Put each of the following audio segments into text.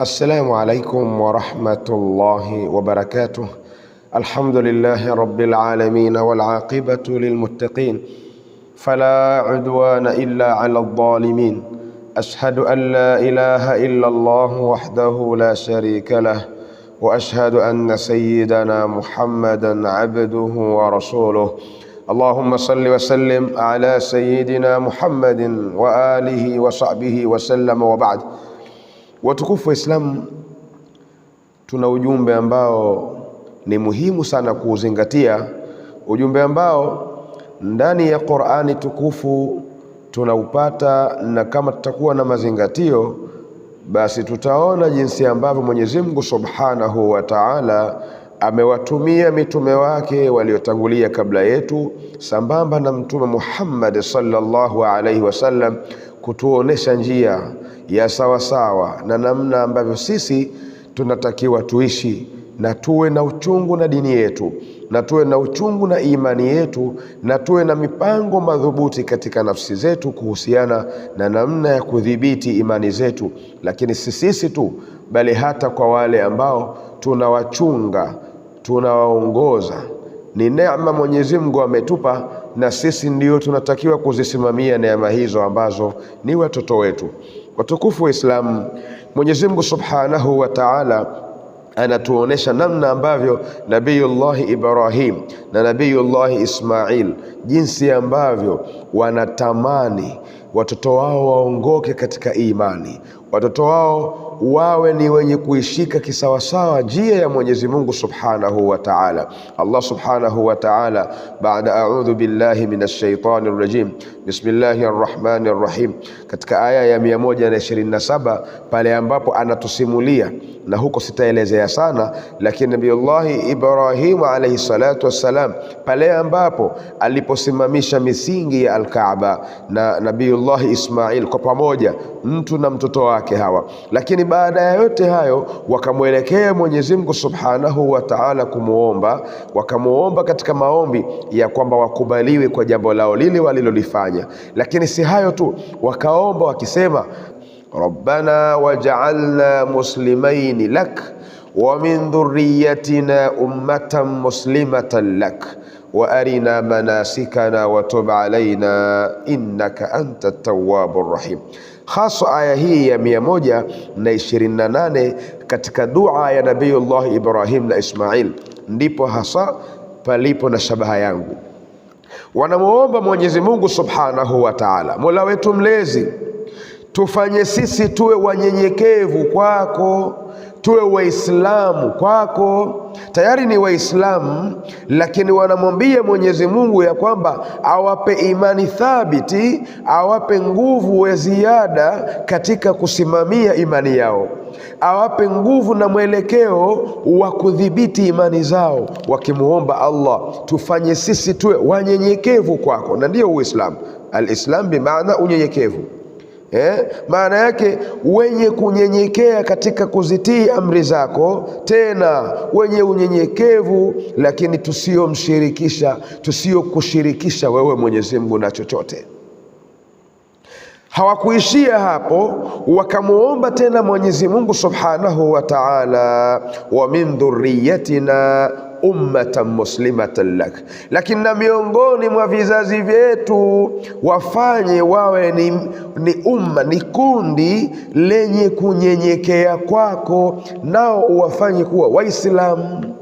السلام عليكم ورحمة الله وبركاته الحمد لله رب العالمين والعاقبة للمتقين فلا عدوان إلا على الظالمين أشهد أن لا إله إلا الله وحده لا شريك له وأشهد أن سيدنا محمدا عبده ورسوله اللهم صل وسلم على سيدنا محمد وآله وصحبه وسلم وبعد Watukufu wa islamu tuna ujumbe ambao ni muhimu sana kuuzingatia, ujumbe ambao ndani ya Qur'ani tukufu tunaupata, na kama tutakuwa na mazingatio, basi tutaona jinsi ambavyo Mwenyezi Mungu Subhanahu wa Ta'ala amewatumia mitume wake waliotangulia kabla yetu, sambamba na Mtume Muhammad sallallahu alaihi wasallam kutuonesha njia ya sawasawa na namna ambavyo sisi tunatakiwa tuishi, na tuwe na uchungu na dini yetu, na tuwe na uchungu na imani yetu, na tuwe na mipango madhubuti katika nafsi zetu kuhusiana na namna ya kudhibiti imani zetu. Lakini si sisi tu, bali hata kwa wale ambao tunawachunga, tunawaongoza. Ni neema Mwenyezi Mungu ametupa, na sisi ndio tunatakiwa kuzisimamia neema hizo ambazo ni watoto wetu. Watukufu wa Islamu, Mwenyezi Mungu Subhanahu wa Ta'ala anatuonesha namna ambavyo Nabiyullahi Ibrahim na Nabiyullahi Ismail jinsi ambavyo wanatamani watoto wao waongoke katika imani, watoto wao wawe ni wenye kuishika kisawasawa njia ya Mwenyezi Mungu Subhanahu wa Ta'ala. Allah Subhanahu wa Ta'ala, baada a'udhu billahi minash shaitani rrajim, bismillahir rahmanir rahim, katika aya ya 127 pale ambapo anatusimulia na huko sitaelezea sana, lakini Nabiyullahi Ibrahimu alayhi salatu wassalam, pale ambapo aliposimamisha misingi ya Alkaaba na nabiullahi Ismail kwa pamoja, mtu na mtoto wake hawa. Lakini baada ya yote hayo, wakamwelekea Mwenyezi Mungu Subhanahu wa Ta'ala kumuomba, wakamuomba katika maombi ya kwamba wakubaliwe kwa jambo lao lile walilolifanya. Lakini si hayo tu, wakaomba wakisema rabbana waj'alna muslimaini lak wa min dhuriyatina ummatan muslimatan lak wa arina manasikana wa tub alaina innaka anta tawabu rahim. Hasa aya hii ya mia moja na ishirini na nane katika dua ya Nabiyullah Ibrahim na Ismail ndipo hasa palipo na shabaha yangu. Wanamuomba Mwenyezi Mungu subhanahu wa Ta'ala, Mola wetu mlezi tufanye sisi tuwe wanyenyekevu kwako, tuwe Waislamu kwako. Tayari ni Waislamu, lakini wanamwambia Mwenyezi Mungu ya kwamba awape imani thabiti, awape nguvu ya ziada katika kusimamia imani yao, awape nguvu na mwelekeo wa kudhibiti imani zao, wakimwomba Allah, tufanye sisi tuwe wanyenyekevu kwako, na ndiyo Uislamu. Alislam bimaana unyenyekevu Eh, maana yake wenye kunyenyekea katika kuzitii amri zako, tena wenye unyenyekevu, lakini tusiomshirikisha tusiokushirikisha wewe Mwenyezi Mungu na chochote. Hawakuishia hapo, wakamwomba tena Mwenyezi Mungu Subhanahu wa Ta'ala, wa min dhurriyatina ummatan muslimatan lak, lakini na miongoni mwa vizazi vyetu wafanye wawe ni, ni umma ni kundi lenye kunyenyekea kwako, nao uwafanye kuwa Waislamu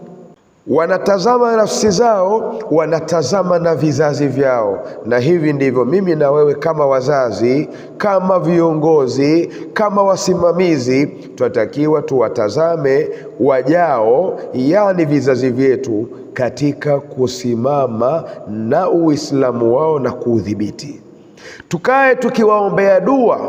wanatazama nafsi zao, wanatazama na vizazi vyao. Na hivi ndivyo mimi na wewe kama wazazi, kama viongozi, kama wasimamizi, tunatakiwa tuwatazame wajao, yaani vizazi vyetu, katika kusimama na Uislamu wao na kuudhibiti. Tukae tukiwaombea dua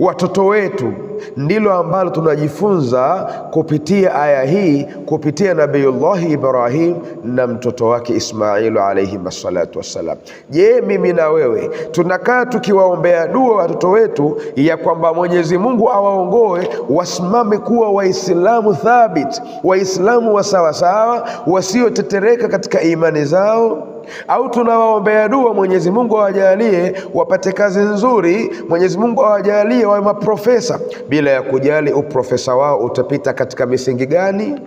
watoto wetu ndilo ambalo tunajifunza kupitia aya hii, kupitia Nabiyullahi Ibrahim na mtoto wake Ismailu alayhi salatu wassalam. Je, mimi na wewe tunakaa tukiwaombea dua watoto wetu ya kwamba Mwenyezi Mungu awaongoe wasimame kuwa Waislamu thabit, Waislamu wa sawasawa, wasiotetereka katika imani zao au tunawaombea dua Mwenyezi Mungu awajalie wapate kazi nzuri, Mwenyezi Mungu awajalie wawe maprofesa, bila ya kujali uprofesa wao utapita katika misingi gani.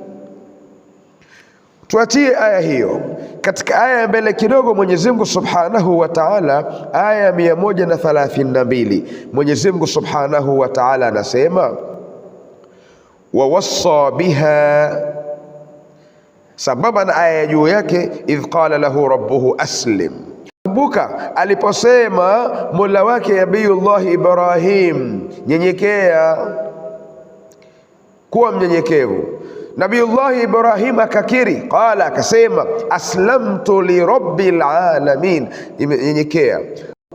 Tuatie aya hiyo katika aya ya mbele kidogo. Mwenyezi Mungu Subhanahu wa Ta'ala, aya ya mia moja na thalathini na mbili, Mwenyezi Mungu Subhanahu wa Ta'ala anasema wawassa biha sambamba na aya ya juu yake, idh qala lahu rabbuhu aslim Kumbuka aliposema Mola wake nabiyullahi Ibrahim, nyenyekea, kuwa mnyenyekevu. Nabiyullah Ibrahim akakiri, qala, akasema aslamtu rabbil alamin, imenyenyekea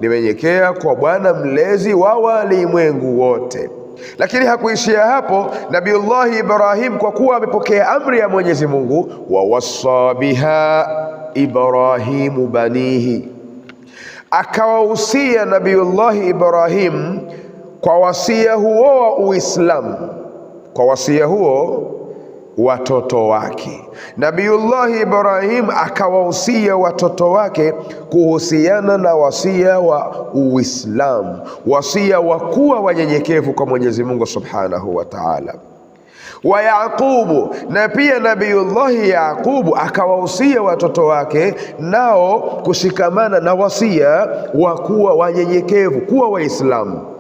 nimenyenyekea kwa Bwana mlezi wa walimwengu wote. Lakini hakuishia hapo. Nabiyullahi Ibrahim, kwa kuwa amepokea amri ya Mwenyezi Mungu, wawassa biha Ibrahimu banihi akawahusia Nabiyullahi Ibrahim kwa wasia huo wa Uislamu, kwa wasia huo watoto wake. Nabiyullahi Ibrahim akawahusia watoto wake kuhusiana na wasia wa Uislamu, wasia wa kuwa wanyenyekevu kwa Mwenyezi Mungu Subhanahu wa Ta'ala wa Yaqubu, na pia Nabiyullahi Yaqubu akawahusia watoto wake nao kushikamana na wasia wa kuwa wanyenyekevu, kuwa Waislamu.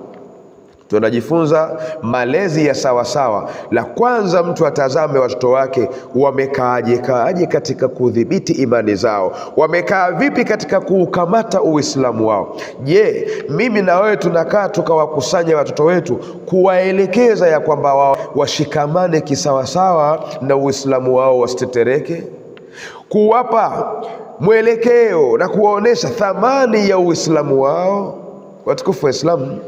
Tunajifunza malezi ya sawasawa. La kwanza, mtu atazame watoto wake wamekaaje kaaje katika kudhibiti imani zao, wamekaa vipi katika kuukamata Uislamu wao. Je, mimi na wewe tunakaa tukawakusanya watoto wetu kuwaelekeza ya kwamba wao washikamane kisawasawa na Uislamu wao, wasitetereke, kuwapa mwelekeo na kuwaonesha thamani ya Uislamu wao. Watukufu wa Islamu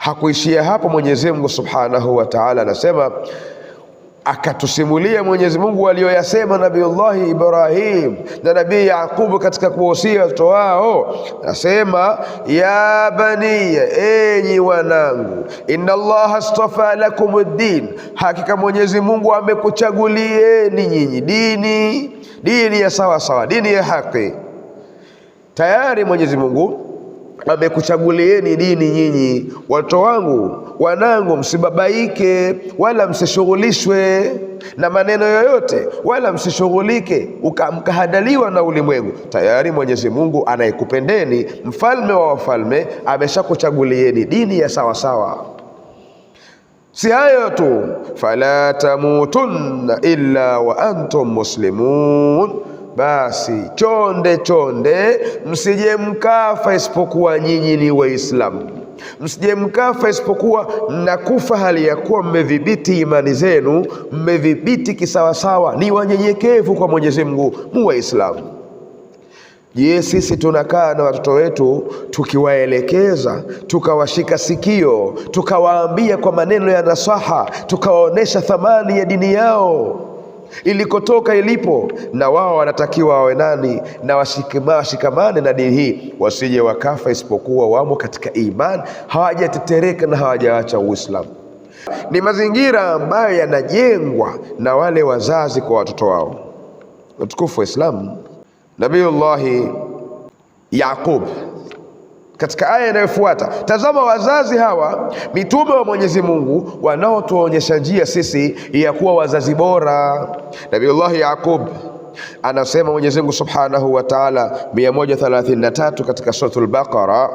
Hakuishia hapo, Mwenyezi Mungu Subhanahu wa Ta'ala anasema, akatusimulia Mwenyezi Mungu aliyoyasema Nabiullahi Ibrahim na Nabii Yaqubu katika kuwahusia watoto wao, nasema ya baniya, enyi wanangu, inna Allaha astafa lakum din, hakika Mwenyezi Mungu amekuchagulieni nyinyi dini, dini ya sawa sawa dini ya haki. Tayari Mwenyezi Mungu amekuchagulieni dini nyinyi. Watoto wangu, wanangu, msibabaike wala msishughulishwe na maneno yoyote, wala msishughulike mkahadaliwa na ulimwengu. Tayari Mwenyezi Mungu anayekupendeni, mfalme wa wafalme, ameshakuchagulieni dini ya sawasawa. Si hayo tu, fala tamutunna illa wa antum muslimun basi chonde chonde, msije mkafa isipokuwa nyinyi ni Waislamu, msije mkafa isipokuwa nakufa hali ya kuwa mmedhibiti imani zenu, mmedhibiti kisawasawa, ni wanyenyekevu kwa Mwenyezi Mungu, mu Waislamu. Je, sisi tunakaa na watoto wetu tukiwaelekeza, tukawashika sikio, tukawaambia kwa maneno ya nasaha, tukawaonesha thamani ya dini yao ilikotoka ilipo, na wao wanatakiwa wawe nani na washikamane na dini hii, wasije wakafa isipokuwa wamo katika imani, hawajatetereka na hawajaacha Uislamu. Ni mazingira ambayo yanajengwa na wale wazazi kwa watoto wao. Utukufu wa Islamu, Nabiyullahi Yaqub katika aya inayofuata tazama, wazazi hawa mitume wa Mwenyezi Mungu wanaotuonyesha njia sisi ya kuwa wazazi bora. Nabiullahi Yaqub anasema Mwenyezi Mungu subhanahu wa taala 133 katika suratul Baqara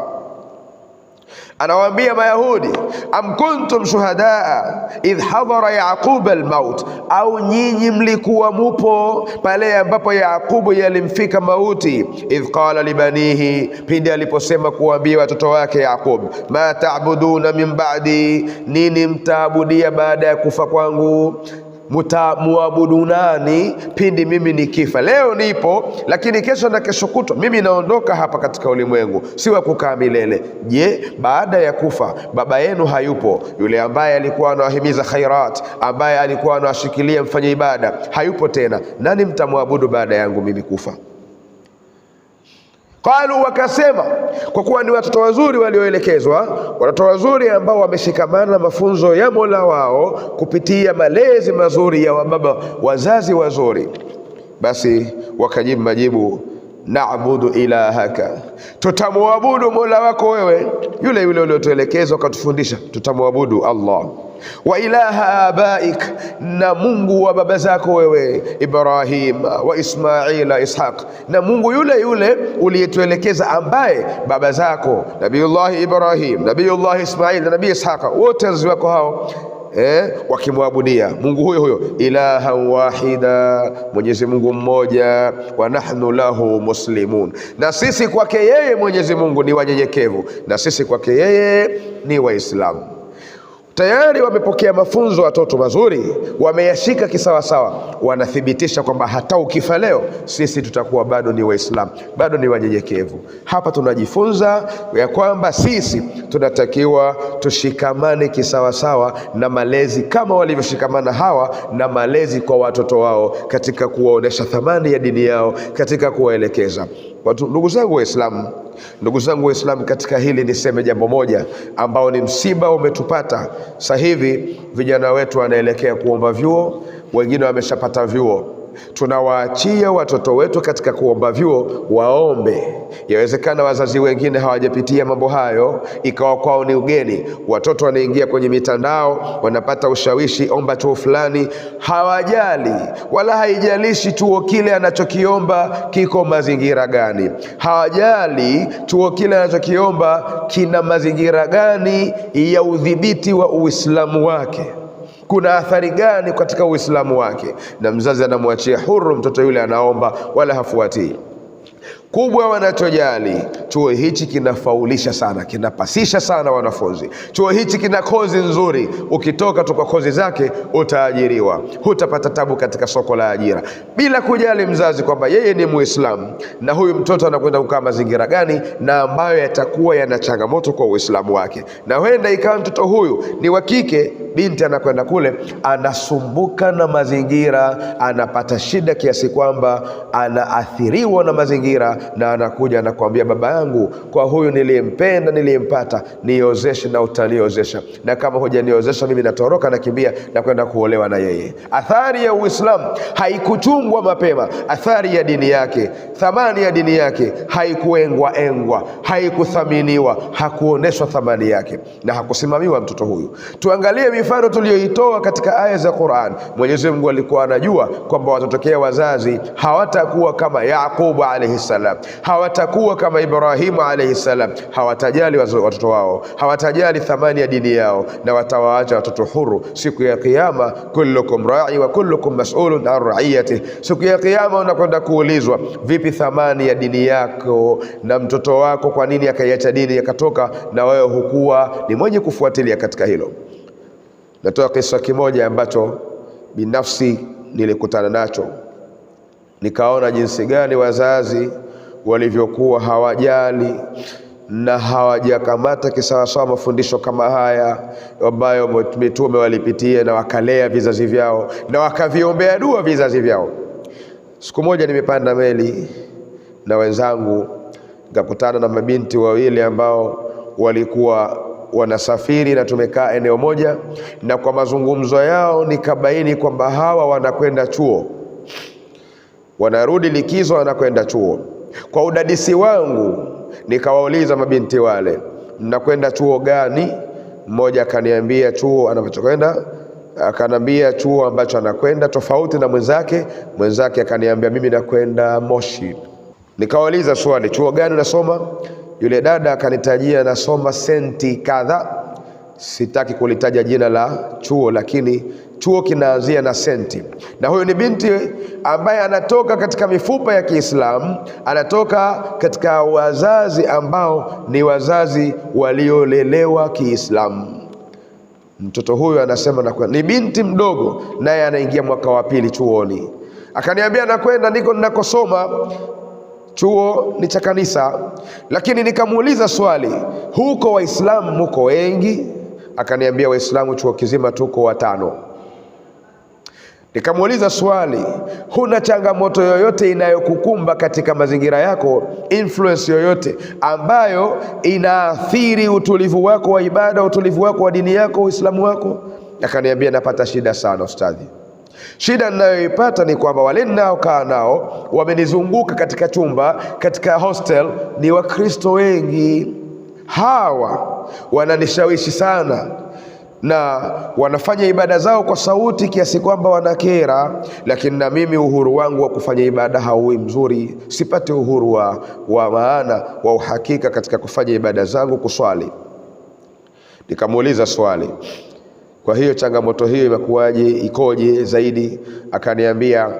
Anawaambia Mayahudi, am kuntum shuhadaa idh hadhara yaquba almaut, au nyinyi mlikuwa mupo pale ambapo Yaqubu yalimfika mauti. Idh qala libanihi, pindi aliposema kuwaambia watoto wake Yaqub, ma taabuduna min ba'di, nini mtaabudia baada ya kufa kwangu mutamuabudunani pindi mimi nikifa. Leo nipo lakini kesho na kesho kutwa mimi naondoka hapa katika ulimwengu, si wa kukaa milele. Je, baada ya kufa baba yenu hayupo, yule ambaye alikuwa anawahimiza khairat, ambaye alikuwa anawashikilia mfanye ibada, hayupo tena, nani mtamwabudu baada yangu mimi kufa? Qalu, wakasema kwa kuwa ni watoto wazuri walioelekezwa, watoto wazuri ambao wameshikamana na mafunzo ya Mola wao kupitia malezi mazuri ya wababa wazazi wazuri, basi wakajibu majibu naabudu ilahaka, tutamwabudu Mola wako wewe yule yule uliotuelekezwa, ukatufundisha, tutamwabudu Allah wa ilaha abaik, na Mungu wa baba zako wewe Ibrahim wa Ismaila Ishaq, na Mungu yule yule uliyetuelekeza ambaye baba zako Nabiyullahi Ibrahim, Nabiyullahi Ismail na Nabii Ishaqa, wote wazazi wako hao Eh, wakimwabudia Mungu huyo huyo ilaha wahida, Mwenyezi Mungu mmoja, wa nahnu lahu muslimun, na sisi kwake yeye Mwenyezi Mungu ni wanyenyekevu, na sisi kwake yeye ni Waislamu tayari wamepokea mafunzo watoto mazuri, wameyashika kisawasawa, wanathibitisha kwamba hata ukifa leo sisi tutakuwa bado ni Waislamu, bado ni wanyenyekevu. Hapa tunajifunza ya kwamba sisi tunatakiwa tushikamane kisawasawa na malezi kama walivyoshikamana hawa na malezi kwa watoto wao, katika kuwaonesha thamani ya dini yao, katika kuwaelekeza. Ndugu zangu Waislamu, Ndugu zangu Waislamu, katika hili niseme jambo moja ambao ni msiba umetupata sasa hivi. Vijana wetu wanaelekea kuomba vyuo, wengine wameshapata vyuo tunawaachia watoto wetu katika kuomba vyuo waombe. Yawezekana wazazi wengine hawajapitia mambo hayo, ikawa kwao ni ugeni. Watoto wanaingia kwenye mitandao, wanapata ushawishi, omba chuo fulani, hawajali wala haijalishi chuo kile anachokiomba kiko mazingira gani, hawajali chuo kile anachokiomba kina mazingira gani ya udhibiti wa Uislamu wake kuna athari gani katika Uislamu wake, na mzazi anamwachia huru mtoto yule, anaomba wala hafuatii kubwa wanachojali chuo hichi kinafaulisha sana, kinapasisha sana wanafunzi. Chuo hichi kina kozi nzuri, ukitoka tu kwa kozi zake utaajiriwa, hutapata tabu katika soko la ajira, bila kujali mzazi kwamba yeye ni Muislamu na huyu mtoto anakwenda kukaa mazingira gani na ambayo yatakuwa yana changamoto kwa Uislamu wake. Na huenda ikawa mtoto huyu ni wa kike, binti anakwenda kule anasumbuka na mazingira, anapata shida kiasi kwamba anaathiriwa na mazingira na anakuja anakuambia, baba yangu, kwa huyu niliyempenda, niliyempata, niozeshe na utaniozesha, na kama hujaniozesha mimi natoroka, nakimbia na kwenda kuolewa na yeye. Athari ya Uislamu haikuchungwa mapema, athari ya dini yake, thamani ya dini yake haikuengwa engwa, haikuthaminiwa, hakuoneshwa thamani yake na hakusimamiwa mtoto huyu. Tuangalie mifano tuliyoitoa katika aya za Qur'an. Mwenyezi Mungu alikuwa anajua kwamba watotokea wazazi hawatakuwa kama Yaqubu alayhi salam hawatakuwa kama Ibrahimu alayhi salam. Hawatajali watoto wao, hawatajali thamani ya dini yao, na watawaacha watoto huru siku ya Kiyama. Kullukum rai wa kullukum masulun an raiyatih. Siku ya Kiyama unakwenda kuulizwa, vipi thamani ya dini yako na mtoto wako? Kwa nini akaiacha dini yakatoka, na wewe hukuwa ni mwenye kufuatilia katika hilo? Natoa kisa kimoja ambacho binafsi nilikutana nacho, nikaona jinsi gani wazazi walivyokuwa hawajali na hawajakamata kisawasawa mafundisho kama haya ambayo mitume walipitia na wakalea vizazi vyao na wakaviombea dua vizazi vyao. Siku moja nimepanda meli na wenzangu nikakutana na mabinti wawili ambao walikuwa wanasafiri na tumekaa eneo moja, na kwa mazungumzo yao nikabaini kwamba hawa wanakwenda chuo, wanarudi likizo, wanakwenda chuo kwa udadisi wangu nikawauliza mabinti wale, mnakwenda chuo gani? Mmoja akaniambia chuo anachokwenda akaniambia chuo ambacho anakwenda tofauti na mwenzake. Mwenzake akaniambia mimi nakwenda Moshi. Nikawauliza swali, chuo gani unasoma? Yule dada akanitajia nasoma senti kadha. Sitaki kulitaja jina la chuo, lakini chuo kinaanzia na senti, na huyo ni binti ambaye anatoka katika mifupa ya Kiislamu, anatoka katika wazazi ambao ni wazazi waliolelewa Kiislamu. Mtoto huyo anasema kwa, ni binti mdogo, naye anaingia mwaka wa pili chuoni. Akaniambia nakwenda ndiko ninakosoma, chuo ni cha kanisa. Lakini nikamuuliza swali, huko waislamu muko wengi? Akaniambia waislamu chuo kizima tuko watano. Nikamuuliza swali, huna changamoto yoyote inayokukumba katika mazingira yako, influence yoyote ambayo inaathiri utulivu wako wa ibada, utulivu wako wa dini yako, Uislamu wako? Akaniambia, napata shida sana ustadhi. Shida ninayoipata ni kwamba wale ninaokaa nao wamenizunguka katika chumba, katika hostel, ni Wakristo wengi. Hawa wananishawishi sana na wanafanya ibada zao kwa sauti kiasi kwamba wanakera, lakini na mimi uhuru wangu wa kufanya ibada hauwi mzuri, sipate uhuru wa, wa maana wa uhakika katika kufanya ibada zangu, kuswali. Nikamuuliza swali, kwa hiyo changamoto hiyo imekuwaje, ikoje zaidi? Akaniambia,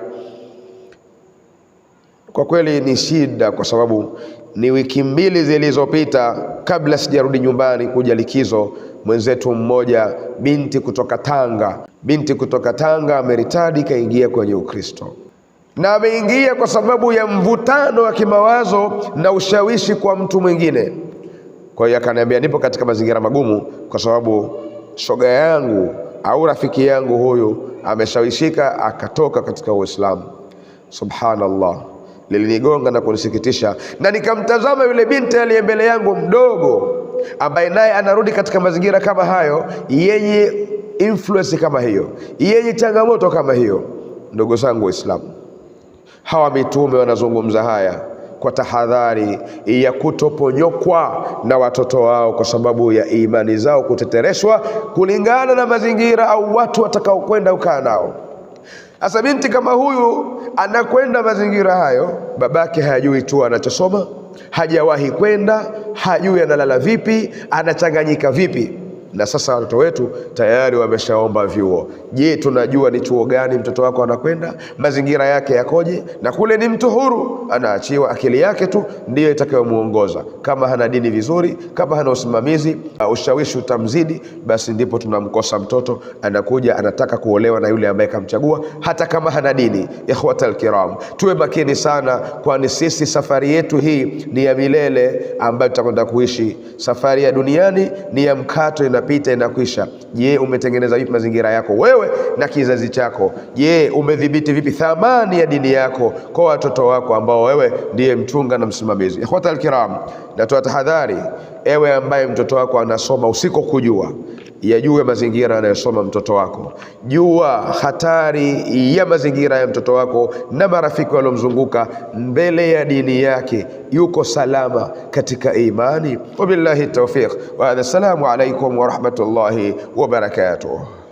kwa kweli ni shida, kwa sababu ni wiki mbili zilizopita, kabla sijarudi nyumbani kuja likizo mwenzetu mmoja, binti kutoka Tanga, binti kutoka Tanga ameritadi, kaingia kwenye Ukristo na ameingia kwa sababu ya mvutano wa kimawazo na ushawishi kwa mtu mwingine. Kwa hiyo akaniambia, nipo katika mazingira magumu kwa sababu shoga yangu au rafiki yangu huyu ameshawishika akatoka katika Uislamu. Subhanallah, lilinigonga na kunisikitisha, na nikamtazama yule binti aliye mbele yangu mdogo ambaye naye anarudi katika mazingira kama hayo yenye influence kama hiyo yenye changamoto kama hiyo. Ndugu zangu Waislamu, hawa mitume wanazungumza haya kwa tahadhari ya kutoponyokwa na watoto wao kwa sababu ya imani zao kutetereshwa kulingana na mazingira au watu watakaokwenda ukaa nao. Asa binti kama huyu anakwenda mazingira hayo, babake hayajui tu anachosoma hajawahi kwenda, hajui analala vipi, anachanganyika vipi na sasa watoto wetu tayari wameshaomba vyuo. Je, tunajua ni chuo gani mtoto wako anakwenda, mazingira yake yakoje? Na kule ni mtu huru, anaachiwa akili yake tu ndiyo itakayomuongoza. Kama hana dini vizuri, kama hana usimamizi, uh, ushawishi utamzidi, basi ndipo tunamkosa mtoto. Anakuja anataka kuolewa na yule ambaye kamchagua, hata kama hana dini. Ikhwatal kiram, tuwe makini sana, kwani sisi safari yetu hii ni ya milele ambayo tutakwenda kuishi. Safari ya duniani ni ya mkato ina inapita inakwisha. Je, umetengeneza vipi mazingira yako wewe na kizazi chako? Je, umedhibiti vipi thamani ya dini yako kwa watoto wako ambao wewe ndiye mchunga na msimamizi? Ikhwata alkiram, natoa tahadhari, ewe ambaye mtoto wako anasoma usikokujua yajue mazingira anayosoma mtoto wako, jua hatari ya mazingira ya mtoto wako na marafiki waliomzunguka. Mbele ya dini yake yuko salama katika imani. Wabillahi tawfiq wa hadha. Assalamu alaikum warahmatullahi wabarakatuh.